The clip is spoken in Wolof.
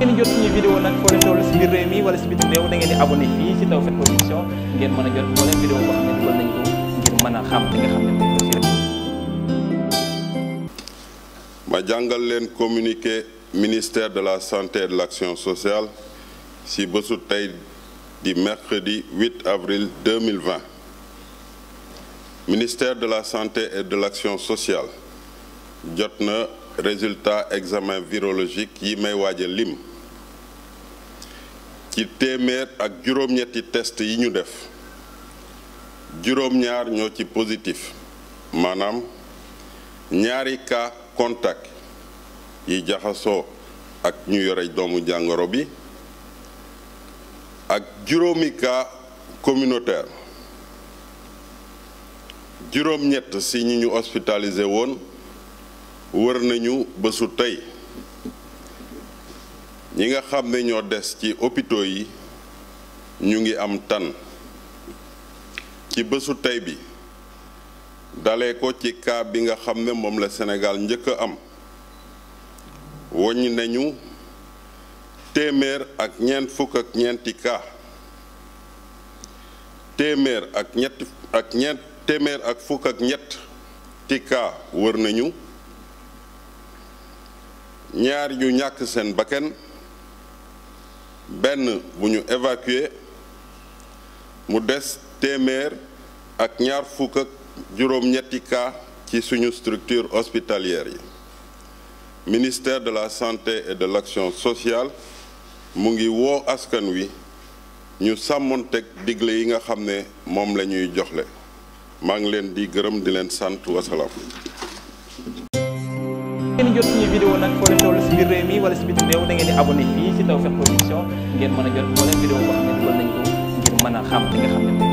ngeen jot suñu vidéo ngeen di ma jàngal leen communiqué ministère de la santé et de l'action sociale si bésu tey di mercredi 8 avril 2020 ministère de la santé et de l'action sociale jot na résultat examen virologique yi may waaja lim. ci téeméer ak juróom-ñetti test yi ñu def juróom-ñaar ñoo ci positif maanaam ñaari cas kontak yi jaxasoo ak ñu yore doomu jàngoro bi ak juróomi cas communautaire juróom-ñett si ñu hospitalisé woon wër nañu bésu tey ñi nga xam ne ñoo des ci hôpitaux yi ñu ngi am tan ci bésu tey bi dalee ko ci kaa bi nga xam ne moom la Sénégal njëkk am woññ nañu téeméer ak ñeent fukk ak ñeenti cas wër nañu ñaar yu ñàkk seen bakken benn bu ñu évacué mu des téeméer ak ñaar fukk ak juróom-ñetti cas ci suñu structure hospitalière yi ministère de la santé et de l'action sociale mu ngi woo askan wi ñu sàmmonteg digle yi nga xam ne moom la ñuy joxle maa ngi leen di gërëm di leen sant wasalaam ngeen jot suñu vidéo nag foo leen toll si biir réew mi wala si bitim réew da ngeen di abonné fii si Tawfekh Production ngeen a jot moo leen vidéo boo xam ne dugal a xam li nga xam ne